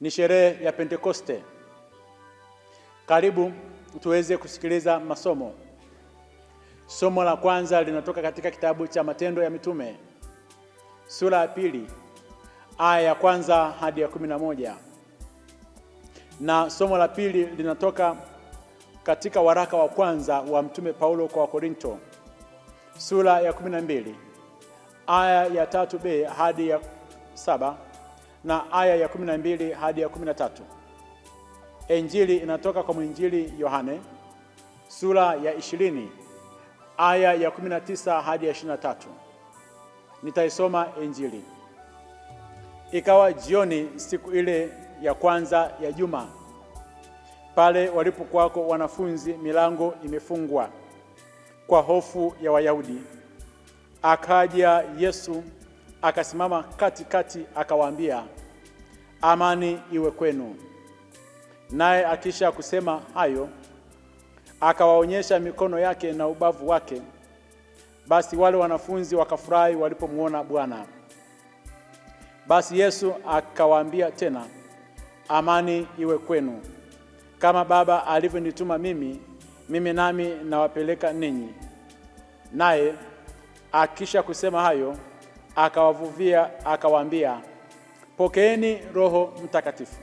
Ni sherehe ya Pentekoste. Karibu tuweze kusikiliza masomo. Somo la kwanza linatoka katika kitabu cha Matendo ya Mitume sura ya pili aya ya kwanza hadi ya kumi na moja na somo la pili linatoka katika waraka wa kwanza wa Mtume Paulo kwa Wakorinto sura ya kumi na mbili aya ya tatu b hadi ya saba na aya ya 12 hadi ya 13. Injili inatoka kwa mwinjili Yohane sura ya 20 aya ya 19 hadi ya 23. Nitaisoma Injili. Ikawa jioni siku ile ya kwanza ya juma, pale walipokuwako wanafunzi, milango imefungwa kwa hofu ya Wayahudi, akaja Yesu akasimama katikati, akawaambia amani iwe kwenu. Naye akisha kusema hayo, akawaonyesha mikono yake na ubavu wake. Basi wale wanafunzi wakafurahi walipomwona Bwana. Basi Yesu akawaambia tena, amani iwe kwenu. Kama Baba alivyonituma mimi, mimi nami nawapeleka ninyi. Naye akisha kusema hayo, akawavuvia akawaambia Pokeeni Roho Mtakatifu.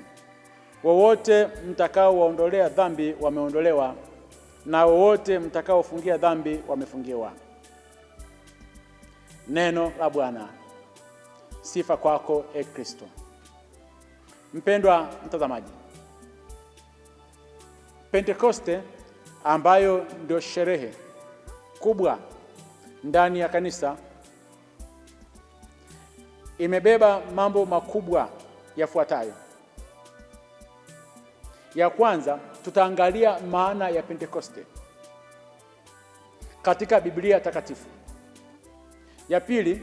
Wowote mtakaowaondolea dhambi wameondolewa, na wowote mtakaofungia dhambi wamefungiwa. Neno la Bwana. Sifa kwako e Kristo. Mpendwa mtazamaji, Pentekoste ambayo ndio sherehe kubwa ndani ya kanisa imebeba mambo makubwa yafuatayo. Ya kwanza, tutaangalia maana ya Pentekoste katika Biblia Takatifu. Ya pili,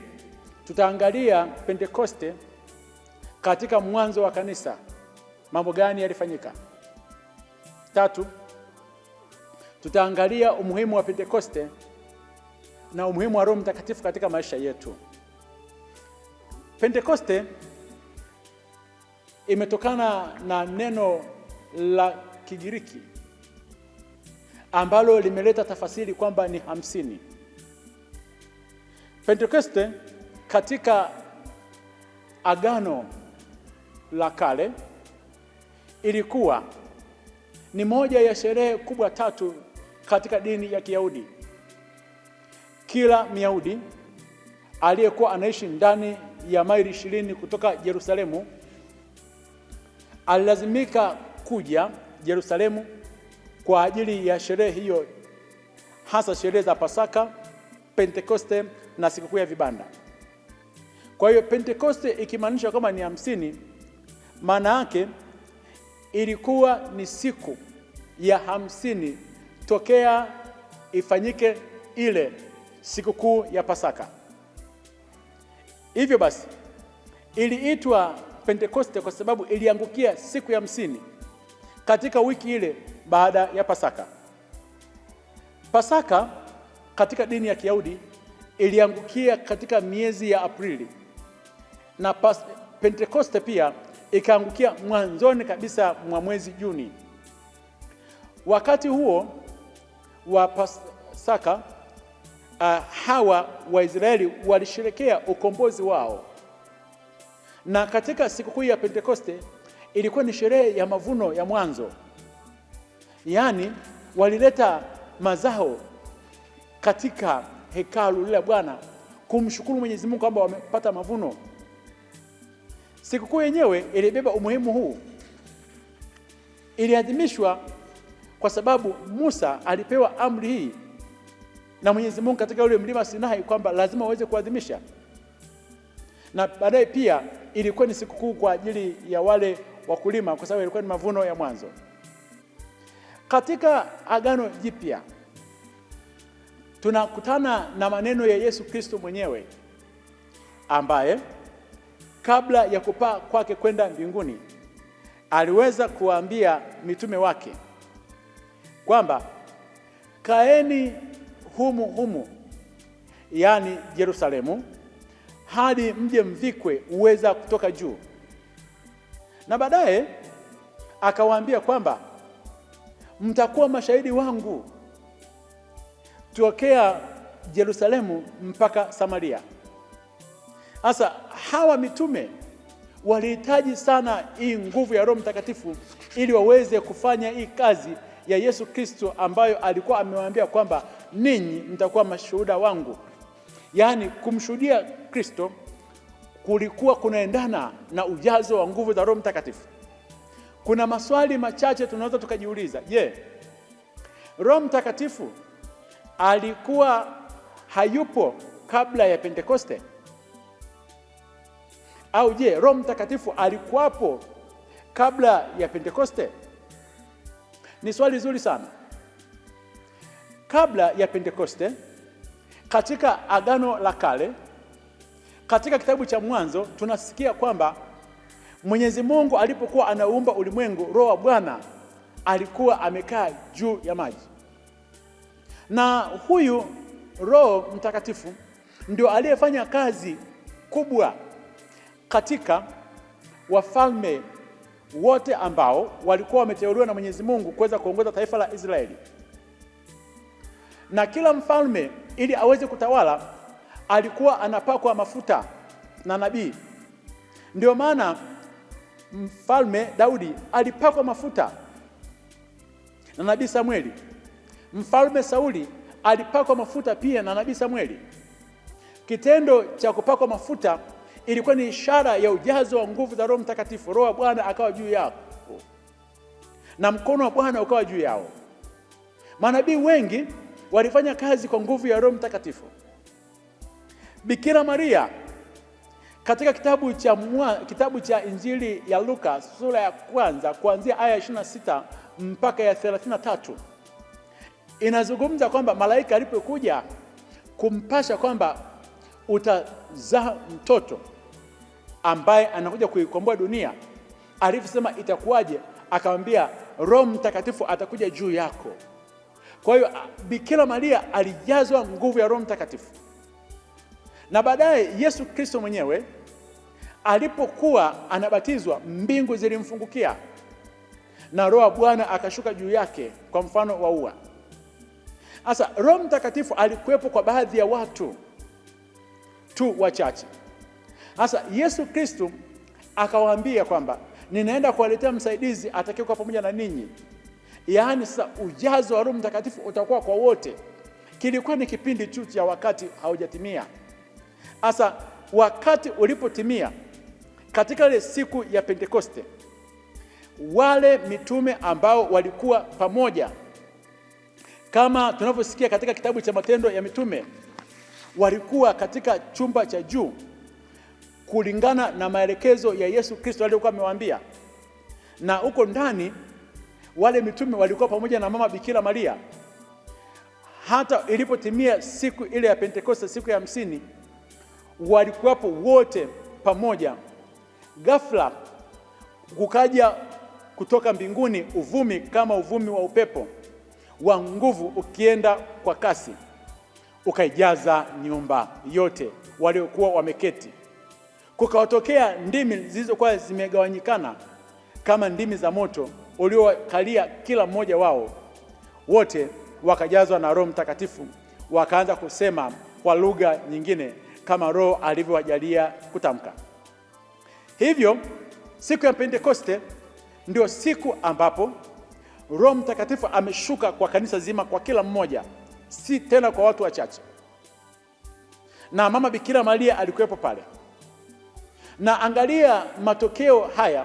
tutaangalia Pentekoste katika mwanzo wa kanisa, mambo gani yalifanyika. Tatu, tutaangalia umuhimu wa Pentekoste na umuhimu wa Roho Mtakatifu katika maisha yetu. Pentekoste imetokana na neno la Kigiriki ambalo limeleta tafasiri kwamba ni hamsini. Pentekoste katika Agano la Kale ilikuwa ni moja ya sherehe kubwa tatu katika dini ya Kiyahudi. Kila Myahudi aliyekuwa anaishi ndani ya maili ishirini kutoka Yerusalemu, alilazimika kuja Yerusalemu kwa ajili ya sherehe hiyo, hasa sherehe za Pasaka, Pentekoste na sikukuu ya vibanda. Kwa hiyo Pentekoste ikimaanisha kwamba ni hamsini, maana yake ilikuwa ni siku ya hamsini tokea ifanyike ile sikukuu ya Pasaka. Hivyo basi iliitwa Pentekoste kwa sababu iliangukia siku ya hamsini katika wiki ile baada ya Pasaka. Pasaka katika dini ya Kiyahudi iliangukia katika miezi ya Aprili na Pentekoste pia ikaangukia mwanzoni kabisa mwa mwezi Juni. Wakati huo wa Pasaka uh, hawa Waisraeli walisherekea ukombozi wao, na katika sikukuu ya Pentekoste ilikuwa ni sherehe ya mavuno ya mwanzo, yaani walileta mazao katika hekalu la Bwana kumshukuru Mwenyezi Mungu kwamba wamepata mavuno. Sikukuu yenyewe ilibeba umuhimu huu, iliadhimishwa kwa sababu Musa alipewa amri hii na Mwenyezi Mungu katika ule mlima Sinai kwamba lazima waweze kuadhimisha. Na baadaye pia ilikuwa ni sikukuu kwa ajili ya wale wakulima, kwa sababu ilikuwa ni mavuno ya mwanzo. Katika Agano Jipya tunakutana na maneno ya Yesu Kristo mwenyewe ambaye kabla ya kupaa kwake kwenda mbinguni aliweza kuwaambia mitume wake kwamba kaeni humu humu, yaani Yerusalemu, hadi mje mvikwe uweza kutoka juu. Na baadaye akawaambia kwamba mtakuwa mashahidi wangu tokea Yerusalemu mpaka Samaria. Sasa hawa mitume walihitaji sana hii nguvu ya Roho Mtakatifu ili waweze kufanya hii kazi ya Yesu Kristo ambayo alikuwa amewaambia kwamba ninyi mtakuwa mashuhuda wangu. Yaani, kumshuhudia Kristo kulikuwa kunaendana na ujazo wa nguvu za Roho Mtakatifu. Kuna maswali machache tunaweza tukajiuliza. Je, Roho Mtakatifu alikuwa hayupo kabla ya Pentekoste? Au je, Roho Mtakatifu alikuwapo kabla ya Pentekoste? Ni swali zuri sana kabla ya Pentekoste, katika Agano la Kale, katika kitabu cha Mwanzo tunasikia kwamba Mwenyezi Mungu alipokuwa anaumba ulimwengu, Roho wa Bwana alikuwa amekaa juu ya maji, na huyu Roho Mtakatifu ndio aliyefanya kazi kubwa katika wafalme wote ambao walikuwa wameteuliwa na Mwenyezi Mungu kuweza kuongoza taifa la Israeli na kila mfalme ili aweze kutawala alikuwa anapakwa mafuta na nabii. Ndio maana mfalme Daudi alipakwa mafuta na nabii samweli Mfalme Sauli alipakwa mafuta pia na nabii samweli Kitendo cha kupakwa mafuta ilikuwa ni ishara ya ujazo wa nguvu za Roho Mtakatifu. Roho wa Bwana akawa juu yao na mkono wa Bwana ukawa juu yao. Manabii wengi walifanya kazi kwa nguvu ya Roho Mtakatifu. Bikira Maria katika kitabu cha, mwa, kitabu cha Injili ya Luka sura ya kwanza kuanzia aya ya 26 mpaka ya 33 inazungumza kwamba malaika alipokuja kumpasha kwamba utazaa mtoto ambaye anakuja kuikomboa dunia, alivyosema itakuwaje, akamwambia Roho Mtakatifu atakuja juu yako kwa hiyo ah, Bikira Maria alijazwa nguvu ya Roho Mtakatifu, na baadaye Yesu Kristo mwenyewe alipokuwa anabatizwa, mbingu zilimfungukia na Roho wa Bwana akashuka juu yake kwa mfano wa ua. Sasa Roho Mtakatifu alikuwepo kwa baadhi ya watu tu wachache. Sasa Yesu Kristo akawaambia kwamba ninaenda kuwaletea msaidizi atakayekuwa pamoja na ninyi Yaani sasa ujazo wa Roho Mtakatifu utakuwa kwa wote. Kilikuwa ni kipindi tu cha wakati haujatimia. Sasa wakati ulipotimia, katika ile siku ya Pentekoste, wale mitume ambao walikuwa pamoja, kama tunavyosikia katika kitabu cha Matendo ya Mitume, walikuwa katika chumba cha juu kulingana na maelekezo ya Yesu Kristo aliyokuwa amewaambia, na huko ndani wale mitume walikuwa pamoja na mama Bikira Maria. Hata ilipotimia siku ile ya Pentekoste, siku ya hamsini, walikuwapo wote pamoja. Ghafla kukaja kutoka mbinguni uvumi kama uvumi wa upepo wa nguvu ukienda kwa kasi ukaijaza nyumba yote waliokuwa wameketi. Kukawatokea ndimi zilizokuwa zimegawanyikana kama ndimi za moto uliokalia kila mmoja wao, wote wakajazwa na Roho Mtakatifu, wakaanza kusema kwa lugha nyingine kama Roho alivyowajalia kutamka. Hivyo siku ya Pentekoste ndio siku ambapo Roho Mtakatifu ameshuka kwa kanisa zima, kwa kila mmoja, si tena kwa watu wachache. Na mama Bikira Maria alikuwepo pale, na angalia matokeo haya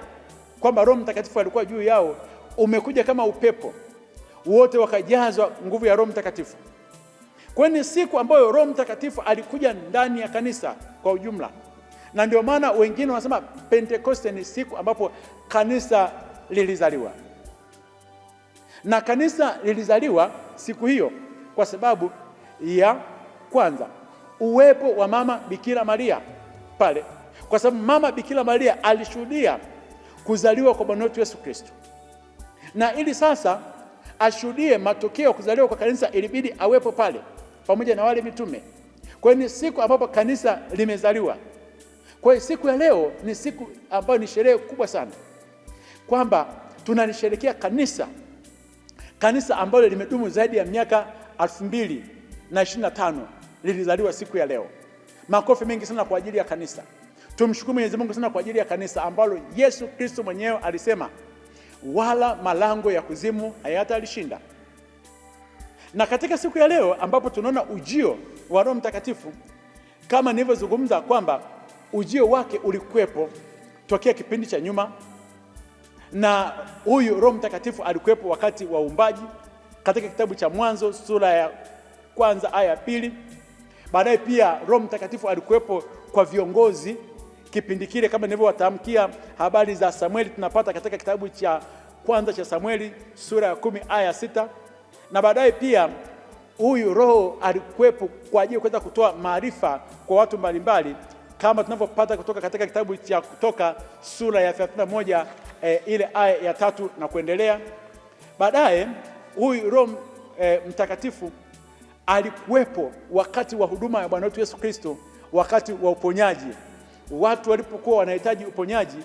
kwamba Roho Mtakatifu alikuwa juu yao, umekuja kama upepo, wote wakajazwa nguvu ya Roho Mtakatifu. Kwa ni siku ambayo Roho Mtakatifu alikuja ndani ya kanisa kwa ujumla, na ndio maana wengine wanasema Pentekoste ni siku ambapo kanisa lilizaliwa, na kanisa lilizaliwa siku hiyo kwa sababu ya kwanza, uwepo wa mama Bikira Maria pale, kwa sababu mama Bikira Maria alishuhudia kuzaliwa kwa Bwana wetu Yesu Kristo, na ili sasa ashuhudie matokeo ya kuzaliwa kwa kanisa ilibidi awepo pale pamoja na wale mitume. Kwa hiyo ni siku ambapo kanisa limezaliwa. Kwa hiyo siku ya leo ni siku ambayo ni sherehe kubwa sana, kwamba tunalisherehekea kanisa, kanisa ambalo limedumu zaidi ya miaka elfu mbili na ishirini na tano lilizaliwa siku ya leo. Makofi mengi sana kwa ajili ya kanisa. Tumshukuru Mwenyezi Mungu sana kwa ajili ya kanisa ambalo Yesu Kristo mwenyewe alisema wala malango ya kuzimu hayatalishinda. Na katika siku ya leo ambapo tunaona ujio wa Roho Mtakatifu, kama nilivyozungumza kwamba ujio wake ulikuwepo tokea kipindi cha nyuma, na huyu Roho Mtakatifu alikuwepo wakati wa uumbaji katika kitabu cha Mwanzo sura ya kwanza aya ya pili. Baadaye pia Roho Mtakatifu alikuwepo kwa viongozi Kipindi kile kama nilivyowatamkia, habari za Samueli tunapata katika kitabu cha kwanza cha Samueli sura ya kumi aya sita na baadaye pia huyu Roho alikuwepo kwa ajili ya kuweza kutoa maarifa kwa watu mbalimbali kama tunavyopata kutoka katika kitabu cha Kutoka sura ya 31 e, eh, ile aya ya tatu na kuendelea. Baadaye huyu Roho e, Mtakatifu alikuwepo wakati wa huduma ya Bwana wetu Yesu Kristo, wakati wa uponyaji watu walipokuwa wanahitaji uponyaji.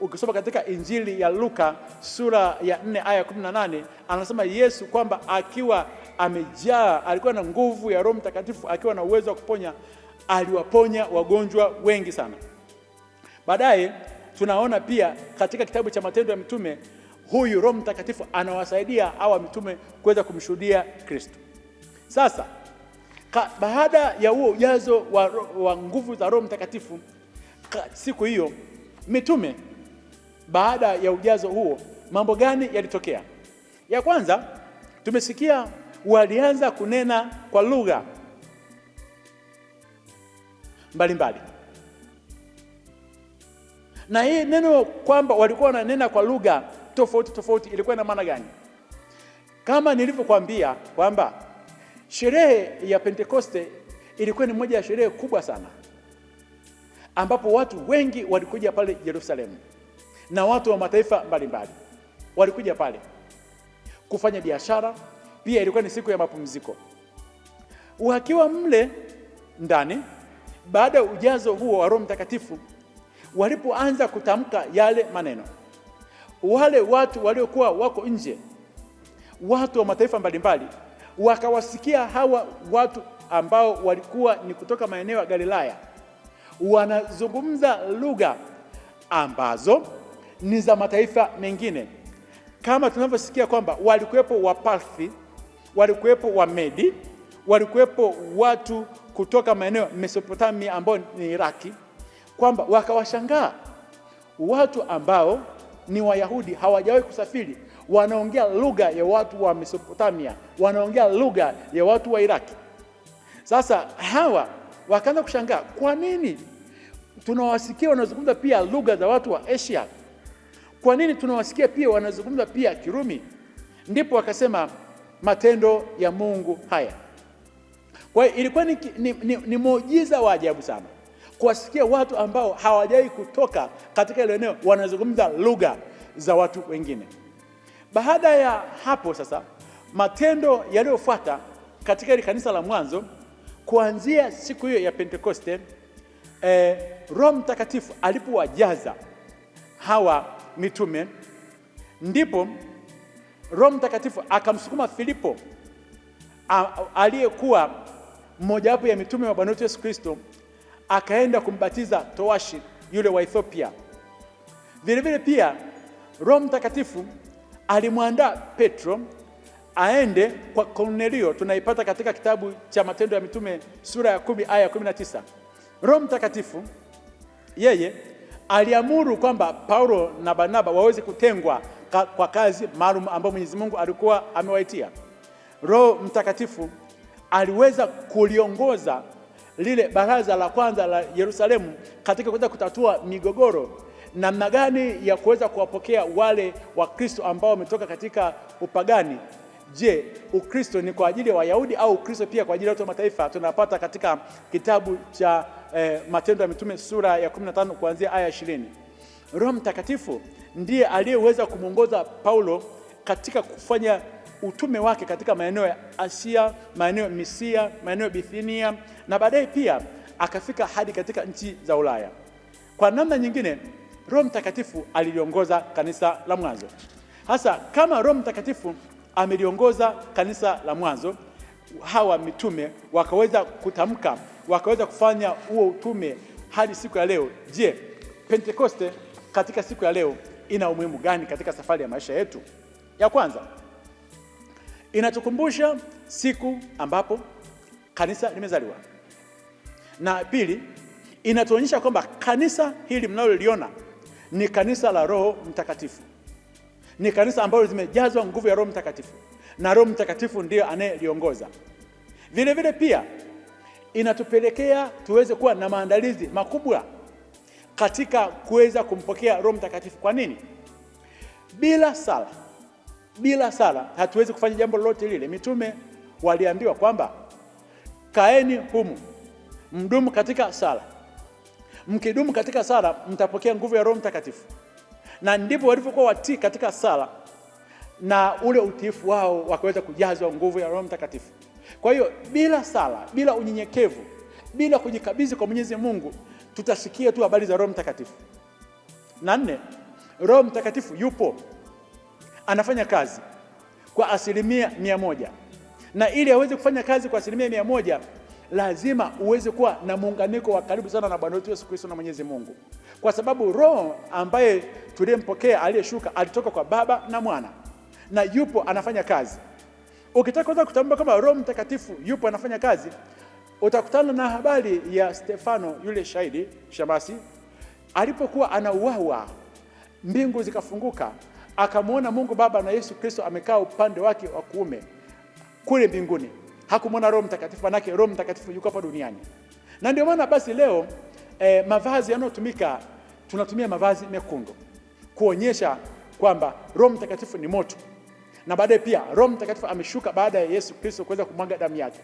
Ukisoma katika Injili ya Luka sura ya 4 aya 18, anasema Yesu kwamba akiwa amejaa, alikuwa na nguvu ya Roho Mtakatifu, akiwa na uwezo wa kuponya, aliwaponya wagonjwa wengi sana. Baadaye tunaona pia katika kitabu cha Matendo ya Mitume, huyu Roho Mtakatifu anawasaidia hawa mitume kuweza kumshuhudia Kristo. Sasa baada ya huo ujazo wa, wa nguvu za Roho Mtakatifu siku hiyo mitume baada ya ujazo huo mambo gani yalitokea? Ya kwanza tumesikia walianza kunena kwa lugha mbalimbali, na hii neno kwamba walikuwa wananena kwa lugha tofauti tofauti ilikuwa na maana gani? Kama nilivyokuambia kwamba sherehe ya Pentekoste ilikuwa ni moja ya sherehe kubwa sana ambapo watu wengi walikuja pale Yerusalemu na watu wa mataifa mbalimbali walikuja pale kufanya biashara. Pia ilikuwa ni siku ya mapumziko. Wakiwa mle ndani, baada ya ujazo huo wa Roho Mtakatifu, walipoanza kutamka yale maneno, wale watu waliokuwa wako nje, watu wa mataifa mbalimbali, wakawasikia hawa watu ambao walikuwa ni kutoka maeneo ya Galilaya wanazungumza lugha ambazo ni za mataifa mengine, kama tunavyosikia kwamba walikuwepo Waparthi, walikuwepo Wamedi, walikuwepo watu kutoka maeneo Mesopotamia ambao ni Iraki, kwamba wakawashangaa watu ambao ni Wayahudi hawajawahi kusafiri, wanaongea lugha ya watu wa Mesopotamia, wanaongea lugha ya watu wa Iraki. Sasa hawa wakaanza kushangaa kwa nini tunawasikia wanazungumza pia lugha za watu wa Asia, kwa nini tunawasikia pia wanazungumza pia Kirumi? Ndipo wakasema matendo ya Mungu haya. Kwa hiyo ilikuwa ni, ni, ni, ni muujiza wa ajabu sana kuwasikia watu ambao hawajawahi kutoka katika ile eneo wanazungumza lugha za watu wengine. Baada ya hapo sasa, matendo yaliyofuata katika ile kanisa la mwanzo kuanzia siku hiyo ya Pentekoste eh, Roho Mtakatifu alipowajaza hawa mitume, ndipo Roho Mtakatifu akamsukuma Filipo aliyekuwa mmojawapo ya mitume wa Bwana wetu Yesu Kristo, akaenda kumbatiza towashi yule wa Ethiopia. Vilevile pia Roho Mtakatifu alimwandaa Petro aende kwa Kornelio, tunaipata katika kitabu cha Matendo ya Mitume sura ya kumi aya ya kumi na tisa. Roho Mtakatifu yeye aliamuru kwamba Paulo na Barnaba waweze kutengwa ka, kwa kazi maalum ambayo Mwenyezi Mungu alikuwa amewaitia. Roho Mtakatifu aliweza kuliongoza lile baraza la kwanza la Yerusalemu katika kuweza kutatua migogoro, namna gani ya kuweza kuwapokea wale Wakristo ambao wametoka katika upagani Je, Ukristo ni kwa ajili ya wa Wayahudi au Ukristo pia kwa ajili ya watu wa mataifa? Tunapata katika kitabu cha eh, Matendo ya Mitume sura ya 15 kuanzia aya 20. Roho Mtakatifu ndiye aliyeweza kumwongoza Paulo katika kufanya utume wake katika maeneo ya Asia, maeneo ya Misia, maeneo ya Bithinia na baadaye pia akafika hadi katika nchi za Ulaya. Kwa namna nyingine, Roho Mtakatifu aliliongoza kanisa la mwanzo. Hasa kama Roho Mtakatifu ameliongoza kanisa la mwanzo, hawa mitume wakaweza kutamka, wakaweza kufanya huo utume hadi siku ya leo. Je, Pentekoste katika siku ya leo ina umuhimu gani katika safari ya maisha yetu? Ya kwanza inatukumbusha siku ambapo kanisa limezaliwa, na pili inatuonyesha kwamba kanisa hili mnaloliona ni kanisa la Roho Mtakatifu ni kanisa ambalo zimejazwa nguvu ya Roho Mtakatifu na Roho Mtakatifu ndiyo anayeliongoza. Vile vile pia inatupelekea tuweze kuwa na maandalizi makubwa katika kuweza kumpokea Roho Mtakatifu. Kwa nini? Bila sala, bila sala hatuwezi kufanya jambo lolote lile. Mitume waliambiwa kwamba kaeni humu, mdumu katika sala, mkidumu katika sala mtapokea nguvu ya Roho Mtakatifu na ndivyo walivyokuwa watii katika sala na ule utiifu wao wakaweza kujazwa nguvu ya Roho Mtakatifu. Kwa hiyo bila sala, bila unyenyekevu, bila kujikabidhi kwa Mwenyezi Mungu, tutasikia tu habari za Roho Mtakatifu. Na nne, Roho Mtakatifu yupo, anafanya kazi kwa asilimia mia moja, na ili aweze kufanya kazi kwa asilimia mia moja lazima uweze kuwa na muunganiko wa karibu sana na Bwana wetu Yesu Kristo na Mwenyezi Mungu, kwa sababu Roho ambaye tuliyempokea aliyeshuka alitoka kwa Baba na Mwana na yupo anafanya kazi. Ukitaka kuweza kutambua kama Roho Mtakatifu yupo anafanya kazi, utakutana na habari ya Stefano yule shahidi shamasi alipokuwa anauawa, mbingu zikafunguka, akamwona Mungu Baba na Yesu Kristo amekaa upande wake wa kuume kule mbinguni hakumwona Roho Mtakatifu, manake Roho Mtakatifu yuko hapa duniani. Na ndio maana basi leo eh, mavazi yanayotumika tunatumia mavazi mekundu kuonyesha kwamba Roho Mtakatifu ni moto, na baadaye pia Roho Mtakatifu ameshuka baada ya Yesu Kristo kuweza kumwaga damu yake.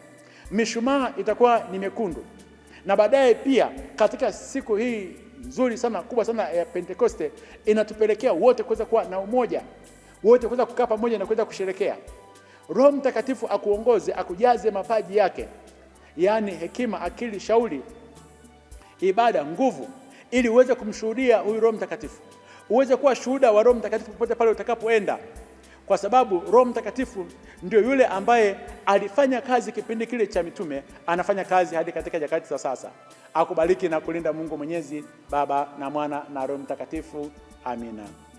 Mishumaa itakuwa ni mekundu, na baadaye pia katika siku hii nzuri sana kubwa sana ya Pentekoste inatupelekea wote kuweza kuwa na umoja, wote kuweza kukaa pamoja na kuweza kusherekea. Roho Mtakatifu akuongoze, akujaze mapaji yake, yaani hekima, akili, shauri, ibada, nguvu, ili uweze kumshuhudia huyu Roho Mtakatifu, uweze kuwa shuhuda wa Roho Mtakatifu popote pale utakapoenda, kwa sababu Roho Mtakatifu ndio yule ambaye alifanya kazi kipindi kile cha mitume, anafanya kazi hadi katika nyakati za sasa. Akubariki na kulinda Mungu Mwenyezi, Baba na Mwana na Roho Mtakatifu. Amina.